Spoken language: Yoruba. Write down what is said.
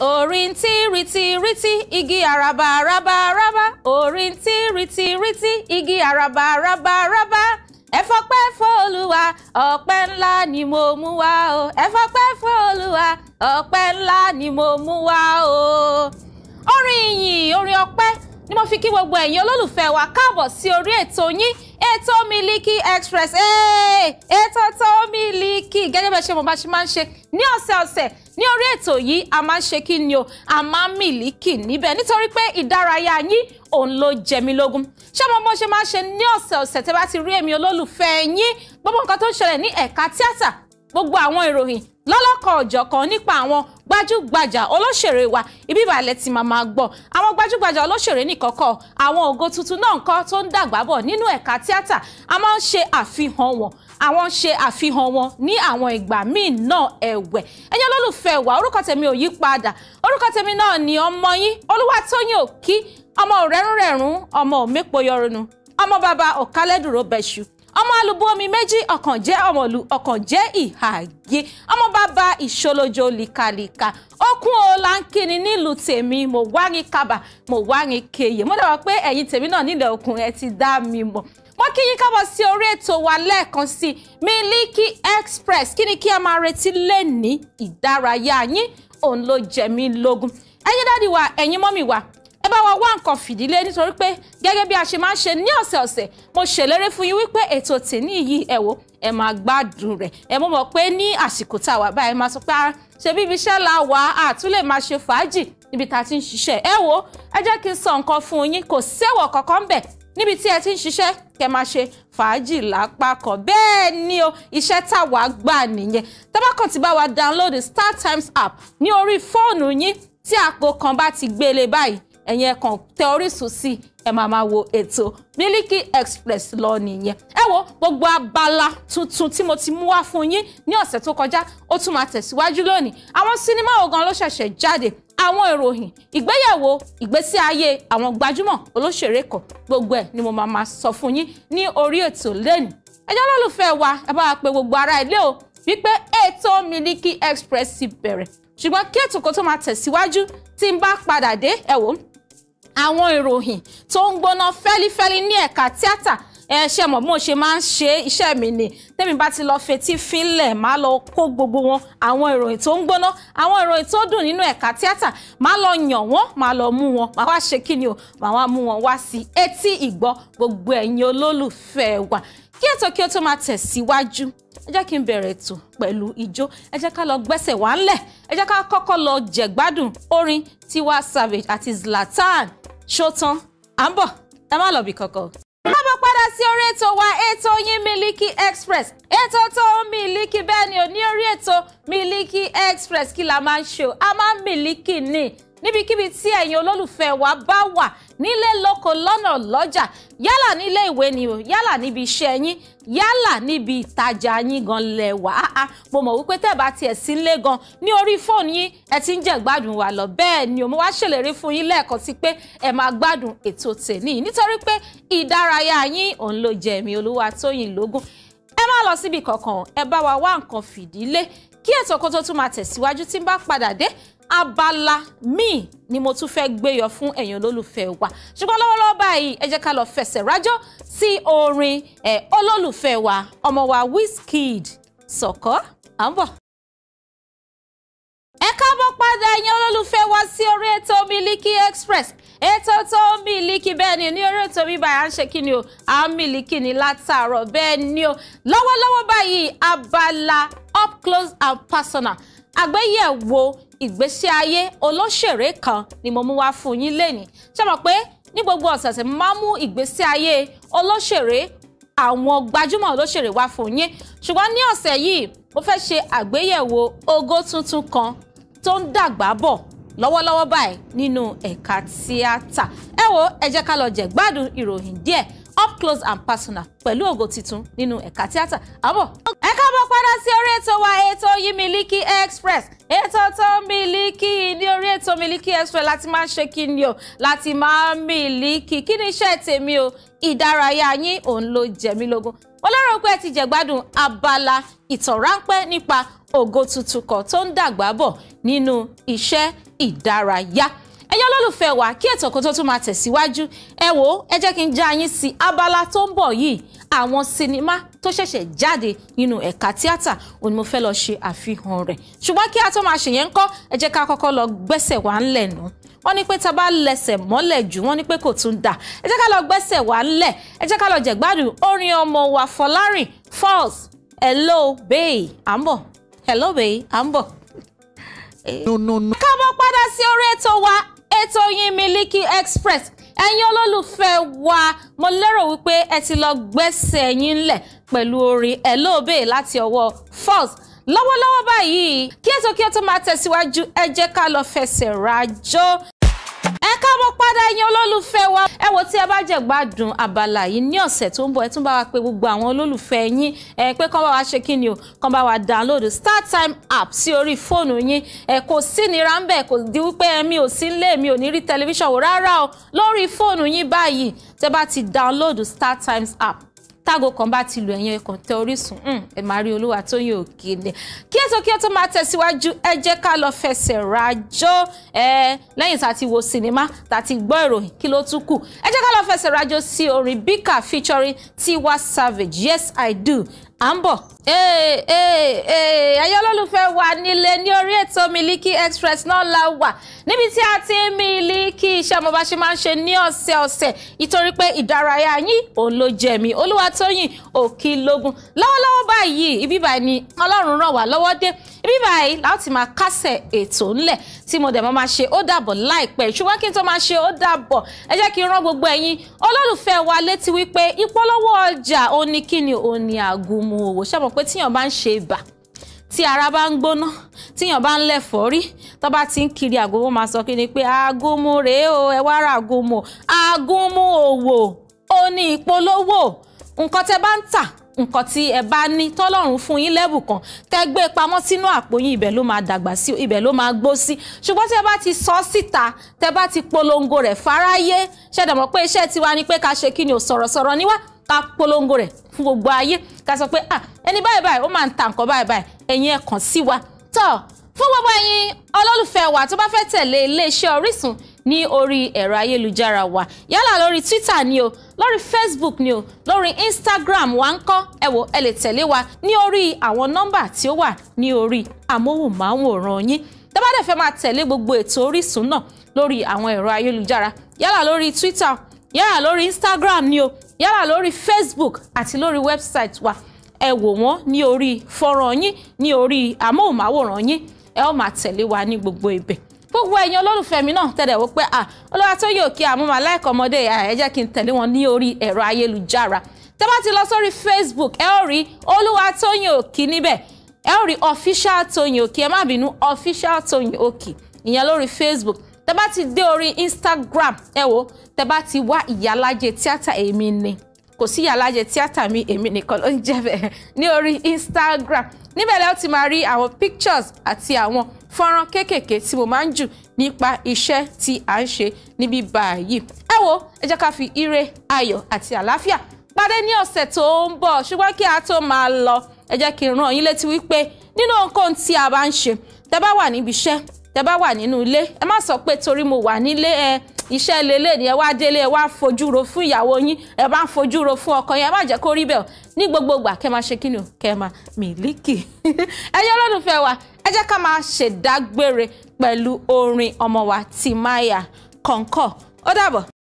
orin tí rìtì rìtì igi Araba, Araba. àràbà orin tí rìtì rìtì igi Araba. àràbà àràbà ẹ fọpẹ́ f'Olúwa ńlá ni mo mú wá o ẹ fọpẹ́ f'Olúwa ńlá ni mo mú wá o. orin ìyìn orin ọpẹ́ ni mo fi kí gbogbo ẹ̀yin olólùfẹ́ wa káàbọ̀ sí orí ètò yín ètò Miliki Express ètò tó Miliki gẹ́gẹ́ bẹ́ẹ̀ ṣe mo bá ṣe máa ń ṣe ní ọ̀sẹ̀ ọ̀sẹ̀ ní orí ètò yìí a máa ń ṣe kí ni o a máa ń mìlíkì níbẹ̀ nítorí pé ìdárayá yín òun ló jẹ mí lógún ṣé mo bó ṣe máa ń ṣe ní ọ̀sẹ̀ ọ̀sẹ̀ tẹ́ bá ti rí èmi olólùfẹ́ yín gbogbo nǹkan tó ń ṣẹlẹ̀ ní ẹ̀ka tíátà gbogbo àwọn ìròyìn lọ́lọ́kọ̀ ọ̀jọ̀kan nípa àwọn gbajúgbajà olóṣèré wa ibi ìbàlẹ̀ tí màá máa gbọ́ àwọn gbajúgbajà olóṣèré nìkọ́kọ́ àwọn ògo tuntun náà kọ́ tó ń dàgbà bọ̀ nínú ẹ̀ka tíátà a máa ń ṣe àfihàn wọn àwọn ṣe àfihàn wọn ní àwọn ìgbà míì náà ẹ̀wẹ̀ ẹ̀yin olólùfẹ́ wa orúkọ tèmi ò yí padà orúkọ tèmi náà ni ọmọ yín Olúwatóyìn Òkí ọmọ rẹ̀rùnrẹ̀rùn ọmọ òmẹ́pọ̀ yọrùnù ọmọ bàbá ọ̀kálẹ́dùrọ̀ bẹ̀ṣù olúwalùbọ́mi méjì ọ̀kan jẹ́ ọmọlú ọ̀kan jẹ́ ìhàgé ọmọ bàbá ìṣolójo líkalíka okun o la ń kíni nílùú tèmi mo wá ní kábà mo wá ní kéye mo dábàá pé ẹ̀yin tèmi náà nílẹ̀ òkun ẹ ti dá mi mọ̀ mo kí yín kábọ̀ sí orí ètò wa lẹ́ẹ̀kan sí Miliki Express kí ni kí ẹ máa retí lẹ́ni ìdárayá yín òun ló jẹ mí lógún ẹ̀yin dádì wa ẹ̀yin mọ́mì wa ẹ bá wa wá nǹkan fìdílé nítorí pé gẹ́gẹ́ bí a ṣe máa ń ṣe ní ọ̀sẹ̀ọ̀sẹ̀ mo ṣèlérí fún yín wípé ètò tèmi yìí ẹ wò ẹ máa gbádùn rẹ̀ ẹ mọ̀ mọ̀ pé ní àsìkò tá a wà báyìí máa sọ pé ṣe bí ibi iṣẹ́ la wà á tún lè máa ṣe fàájì níbi tá a ti ń ṣiṣẹ́ ẹ wò ẹ jẹ́ kí n sọ nǹkan fún yín kò séwọ̀ kankan bẹ̀ níbi tí ẹ ti ń ṣiṣẹ́ kẹ máa ṣe fàájì lápá bẹ́ẹ̀ ni o iṣẹ́ tá wà gbà nìyẹn tábàkàn ti bá wa download the StarTimes app ní orí fóònù yín tí àpò kan bá ti gbélé báyìí ẹ̀yin ẹ̀kan tẹ Orísun sí ẹ máa máa wo ètò Miliki Express lọ nìyẹn ẹ wo gbogbo abala tuntun tí mo ti mú wá fún yín ní ọ̀sẹ̀ tó kọjá ó tún máa tẹ̀síwájú lónìí àwọn sinimá ogan ló ṣẹ̀ṣẹ̀ jáde àwọn ìròyìn ìgbéyàwó ìgbésí ayé àwọn gbajúmọ̀ olóṣèré kan gbogbo ẹ̀ ni mo máa máa sọ fún yín ní orí ètò lẹ́nu ẹjọ́ lọ́lùfẹ́ wa ẹ bá wa pè gbogbo ará ilé o wípé ètò Miliki Express ti bẹ̀rẹ̀ ṣùgbọ́n kí ètò kó tó máa tẹ̀síwájú tí n bá padà dé ẹ àwọn ìròyìn tó ń gbóná fẹ́lifẹ́li ní ẹ̀ka tíátà ẹ ṣe mọ̀ bí mo ṣe máa ń ṣe iṣẹ́ mi ni tẹ́mi bá ti lọ fetí fínlẹ̀ máa lọ kó gbogbo wọn àwọn ìròyìn tó ń gbóná àwọn ìròyìn tó dùn nínú ẹ̀ka tíátà máa lọ yàn wọ́n máa lọ mú wọn máa wá ṣe kíni o máa wá mú wọn wá sí etí ìgbọ́ gbogbo ẹ̀yin olólùfẹ́ wa kí ètò kí ó tó máa tẹ̀síwájú ẹ jẹ́ kí n bẹ̀rẹ̀ ètò pẹ̀lú ijó ẹ jẹ́ ká lọ gbẹ́sẹ̀ wá ńlẹ̀ ẹ jẹ́ ká kọ́kọ́ lọ jẹ̀gbádùn orin Tiwa Savage àti Zlatan ṣótán à ń bọ̀ ẹ má lọ bí kankan káàbọ̀ padà sí orí ètò wa ètò yín Miliki Express ètò tó Miliki bẹ́ẹ̀ ni ò ní orí ètò Miliki Express kí la máa ń ṣe o a máa ń Miliki ní níbikíbi tí ẹ̀yin olólùfẹ́ wa bá wà nílé lóko lọ́nà lọ́jà yálà nílé ìwé ni o yálà níbi iṣẹ́ yín yálà níbi ìtajà yín gan lẹ wà á ah, á ah, mo mọ̀ wípé tẹ́ bá tiẹ̀ sí nílé gan ní orí fóònù yín ẹ ti ń jẹ́ gbádùn wa lọ bẹ́ẹ̀ ni o mo wá ṣèlérí fún yín lẹ́ẹ̀kan sí pé ẹ máa gbádùn ètò tèní nítorí pé ìdárayá yín òun ló jẹ ẹ̀mí olúwa tóyìn lógún ẹ má lọ síbi kankan ẹ bá wa wá nǹkan fìdílé kí ètò kó tún máa tẹ̀síwájú tí ń bá padà dé abala míì ni mo tún fẹ́ gbé yọ fún ẹ̀yin olólùfẹ́ wa ṣùgbọ́n lọ́wọ́lọ́wọ́ báyìí ẹ jẹ́ ká lọ fẹsẹ̀ rájọ́ sí orin ẹ̀ olólùfẹ́ wa ọmọ wa Wizkid sọ̀kọ́ à ń bọ̀ ẹ káàbọ̀ padà ẹ̀yin olólùfẹ́ wa sí orí ètò Miliki Express ètò tó ń Miliki bẹ́ẹ̀ ni ní orí ètò mi báyìí à ń ṣe kí ni o à ń Miliki ni látàárọ̀ bẹ́ẹ̀ ni o lọ́wọ́lọ́wọ́ báyìí abala up close and personal àgbéyẹ̀wò ìgbésí ayé olóṣèré kan ni mo mú wá fún yín lénìí ṣé mọ̀ pé ní gbogbo ọ̀sẹ̀ọ̀sẹ̀ máa mú ìgbésí ayé olóṣèré àwọn gbajúmọ̀ olóṣèré wá fún yín ṣùgbọ́n ní ọ̀sẹ̀ yìí mo fẹ́ ṣe àgbéyẹ̀wò ògo tuntun kan tó ń dàgbà bọ̀ lọ́wọ́lọ́wọ́ báyìí nínú ẹ̀ka tíátà ẹ wo ẹ jẹ́ ká lọ jẹ̀ gbádùn ìròyìn díẹ̀ up close and personal pẹ̀lú ògo titun nínú ẹ̀ka tíátà àbọ̀. ẹ káàbọ̀ padà sí orí ètò wa ètò yimiliki Express ètò tó Miliki ní orí ètò Miliki Express láti máa ń ṣe kí o láti máa Miliki kí ni iṣẹ́ tèmi o ìdárayá yín òun ló jẹ mí lógún mo lérò pé ẹ ti jẹ̀gbádùn abala ìtàn ráńpẹ́ nípa ògo tuntun kan tó ń dàgbà bọ̀ nínú iṣẹ́ ìdárayá ẹyọ́ lólùfẹ́ wa kí ètò kó tó tún máa tẹ̀síwájú ẹ wò ó ẹ jẹ́ kí n já yín sí abala tó ń bọ̀ yìí àwọn sinimá tó ṣẹ̀ṣẹ̀ jáde nínú ẹ̀ka tíátà òun ni mo fẹ́ lọ ṣe àfihàn rẹ̀ ṣùgbọ́n kí a tó máa ṣèyẹn ńkọ́ ẹ jẹ́ ká kọ́kọ́ lọ gbẹ́sẹ̀ wá ńlẹ̀ nù wọ́n ní pé tá a bá jù wọ́n ní pé kò tún dà ẹ jẹ́ ká lọ gbẹ́sẹ̀ wá ńlẹ̀ ẹ jẹ́ ká lọ jẹ̀gbádùn orin ọmọ wa Fọlárìn Falz hello bay à hello bay à ń bọ̀. ká bọ́ padà sí orí ètò wa ètò yín Miliki Express ẹ̀yin olólùfẹ́ wa mo lérò wípé ẹ ti lọ gbẹ́sẹ̀ yín lẹ̀ pẹ̀lú orin ẹ̀ lóòbè láti ọwọ́ falls lọ́wọ́lọ́wọ́ báyìí kí ètò kí ó máa tẹ̀síwájú ẹ jẹ́ ká lọ fẹsẹ̀ rajó ẹ káàbọ̀ padà ẹ̀yin olólùfẹ́ wa ẹ wo tí ẹ bá jẹ gbádùn abala yìí ní ọ̀sẹ̀ tó ń bọ̀ ẹ tún bá wa pé gbogbo àwọn olólùfẹ́ yín ẹ pé kán bá wa ṣe kí ni o kán bá wa download startime app sí orí fóònù yín ẹ kò sí nira ń bẹ̀ kò di wípé mi ò sí nílé mi ò ní rí tẹlifíṣàn wò rárá o lórí fóònù yín báyìí tẹ bá ti download startimes app tágo kan bá ti lù ẹ̀yìn ẹ̀kan tẹ Orísun hmm, ẹ̀ máa rí olúwa Tóyìn Òkèlè kí ètò kí ó tó máa tẹ̀síwájú ẹ jẹ́ ká lọ fẹsẹ̀ rajó ẹ lẹ́yìn tá a ti wo sinimá tá a ti gbọ́ ìròyìn kí ló tún kù ẹ jẹ́ ká lọ fẹsẹ̀ rajó sí orin Bika featuring Tiwa Savage yes I do à ń bọ̀. ẹ̀yin olólùfẹ́ wa nílé ní orí ètò Miliki Express náà la wà níbi tí a ti ń miliki iṣẹ́ ọmọ bá ṣe máa ń ṣe ní ọ̀sẹ̀ ọ̀sẹ̀ ìtorí pé ìdárayá yín òun ló jẹ mí Olúwatóyìn Òkìlógún lọ́wọ́lọ́wọ́ báyìí ibi báyìí ni Ọlọ́run ràn wá lọ́wọ́ dé ibi báyìí láti máa kásẹ̀ ètò ńlẹ̀ tí mo dẹ̀ mọ́ máa ṣe ó dàbọ̀ láìpẹ́ ṣùgbọ́n kí n tó máa ṣe ó dàbọ̀ ẹ jẹ́ kí n rán gbogbo ẹ̀yin olólùfẹ́ wa létí wípé ìpolówó ọjà oníkíni òní àgùnmu òwò ṣàmọ̀ pé tíyàn bá ń ṣe ibà tí ara bá ń gbóná tíyàn bá ń lẹ̀fọ́rí tó bá ti ń kiri àgùnmu máa sọ kí ni pé àgùnmu rèé o ẹ wá ra àgùnmu àgùnmu òwò ó ní ìpolówó nǹkan tẹ bá ń tà nǹkan tí ẹ bá ní tọ́lọ́run fún yín lẹ́bùn kan tẹ́ gbé pamọ́ sínú àpò yín ibẹ̀ ló máa dàgbà sí ibẹ̀ ló máa gbó sí ṣùgbọ́n tẹ́ bá ti sọ síta tẹ́ bá ti polongo rẹ̀ fáráyé ṣẹ̀dẹ̀ mọ̀ pé iṣẹ́ tiwa ni pé ká ṣe kí ni ò sọ̀rọ̀sọ̀rọ̀ níwá ká polongo rẹ̀ fún gbogbo ayé ká sọ pé ah ẹni báyìí báyìí ó máa ń ta nǹkan báyìí báyìí ẹ̀yin ẹ kàn sí wa tọ́ fún gbogbo ẹ̀yin olólùfẹ́ wa tó bá fẹ́ tẹ̀lé iléeṣẹ́ Orísun ní orí ẹ̀rọ ayélujára wa yálà lórí Twitter ni o lórí Facebook ni o lórí Instagram wa ń kọ́ ẹ wò ẹ lè tẹ̀lé wa ní orí àwọn nọ́mbà tí ó wà ní orí amóhùnmáwòrán yín tẹ́bàdẹ̀ fẹ́ máa tẹ̀lé gbogbo ètò Orísun náà lórí àwọn ẹ̀rọ ayélujára yálà lórí Twitter yálà lórí Instagram ni o yálà lórí Facebook àti lórí website wa ẹ wò wọ́n ní orí fọ́nrán yín ní orí amóhùnmáwòrán yín ẹ ó máa tẹ̀lé wa ní gbogbo ibẹ̀ gbogbo ẹ̀yin olólùfẹ́ mi náà tẹ̀lé wò pé à Olúwatóyìn Òkè àmúmọ̀ aláìkọ́ ọmọdé ẹ jẹ́ kí n tẹ̀lé wọn ní orí ẹ̀rọ ayélujára tẹ́ bá ti lọ sórí Facebook ẹ ó rí Olúwatóyìn Òkè níbẹ̀ ẹ ó rí official Tóyìn Òkè ẹ má bínú official Tóyìn Òkè ìyẹn lórí Facebook tẹ́ bá ti dé orí Instagram ẹ wò tẹ́ bá ti wá ìyálájẹ tíátà èmi ni kò sí ìyàlájẹ tíátà mi èmi nìkan ló ń jẹ bẹ́ẹ̀ ní orí Instagram níbẹ̀ lẹ́yìn ó ti máa rí àwọn pictures àti àwọn fọ́nrán kéékèèké tí mo máa ń jù nípa iṣẹ́ tí à ń ṣe níbí báyìí ẹ wo ẹ jẹ́ ká fi ire ayọ̀ àti àlàáfíà pàdé ní ọ̀sẹ̀ tó ń bọ̀ ṣùgbọ́n kí a tó máa lọ ẹ jẹ́ kí n rán yín létí wípé nínú ohunkóhun tí a bá ń ṣe tẹ́ bá wà níbi iṣẹ́ tẹ́ bá wà nínú ilé ẹ má sọ pé torí mo wà nílé ẹ iṣẹ́ lélẹ̀ ni ẹ wá délé ẹ wá fojú ro fún ìyàwó yín ẹ bá ń fojú ro fún ọkọ yín ẹ má jẹ́ kó rí bẹ́ẹ̀ ní gbogbo kẹ́ máa ṣe kí ni o kẹ́ máa mílíkì ẹ̀yin olólùfẹ́ wa ẹ jẹ́ ká máa ṣèdágbére pẹ̀lú orin ọmọ wa Timaya kọ̀ǹkọ̀ ó dàbọ̀.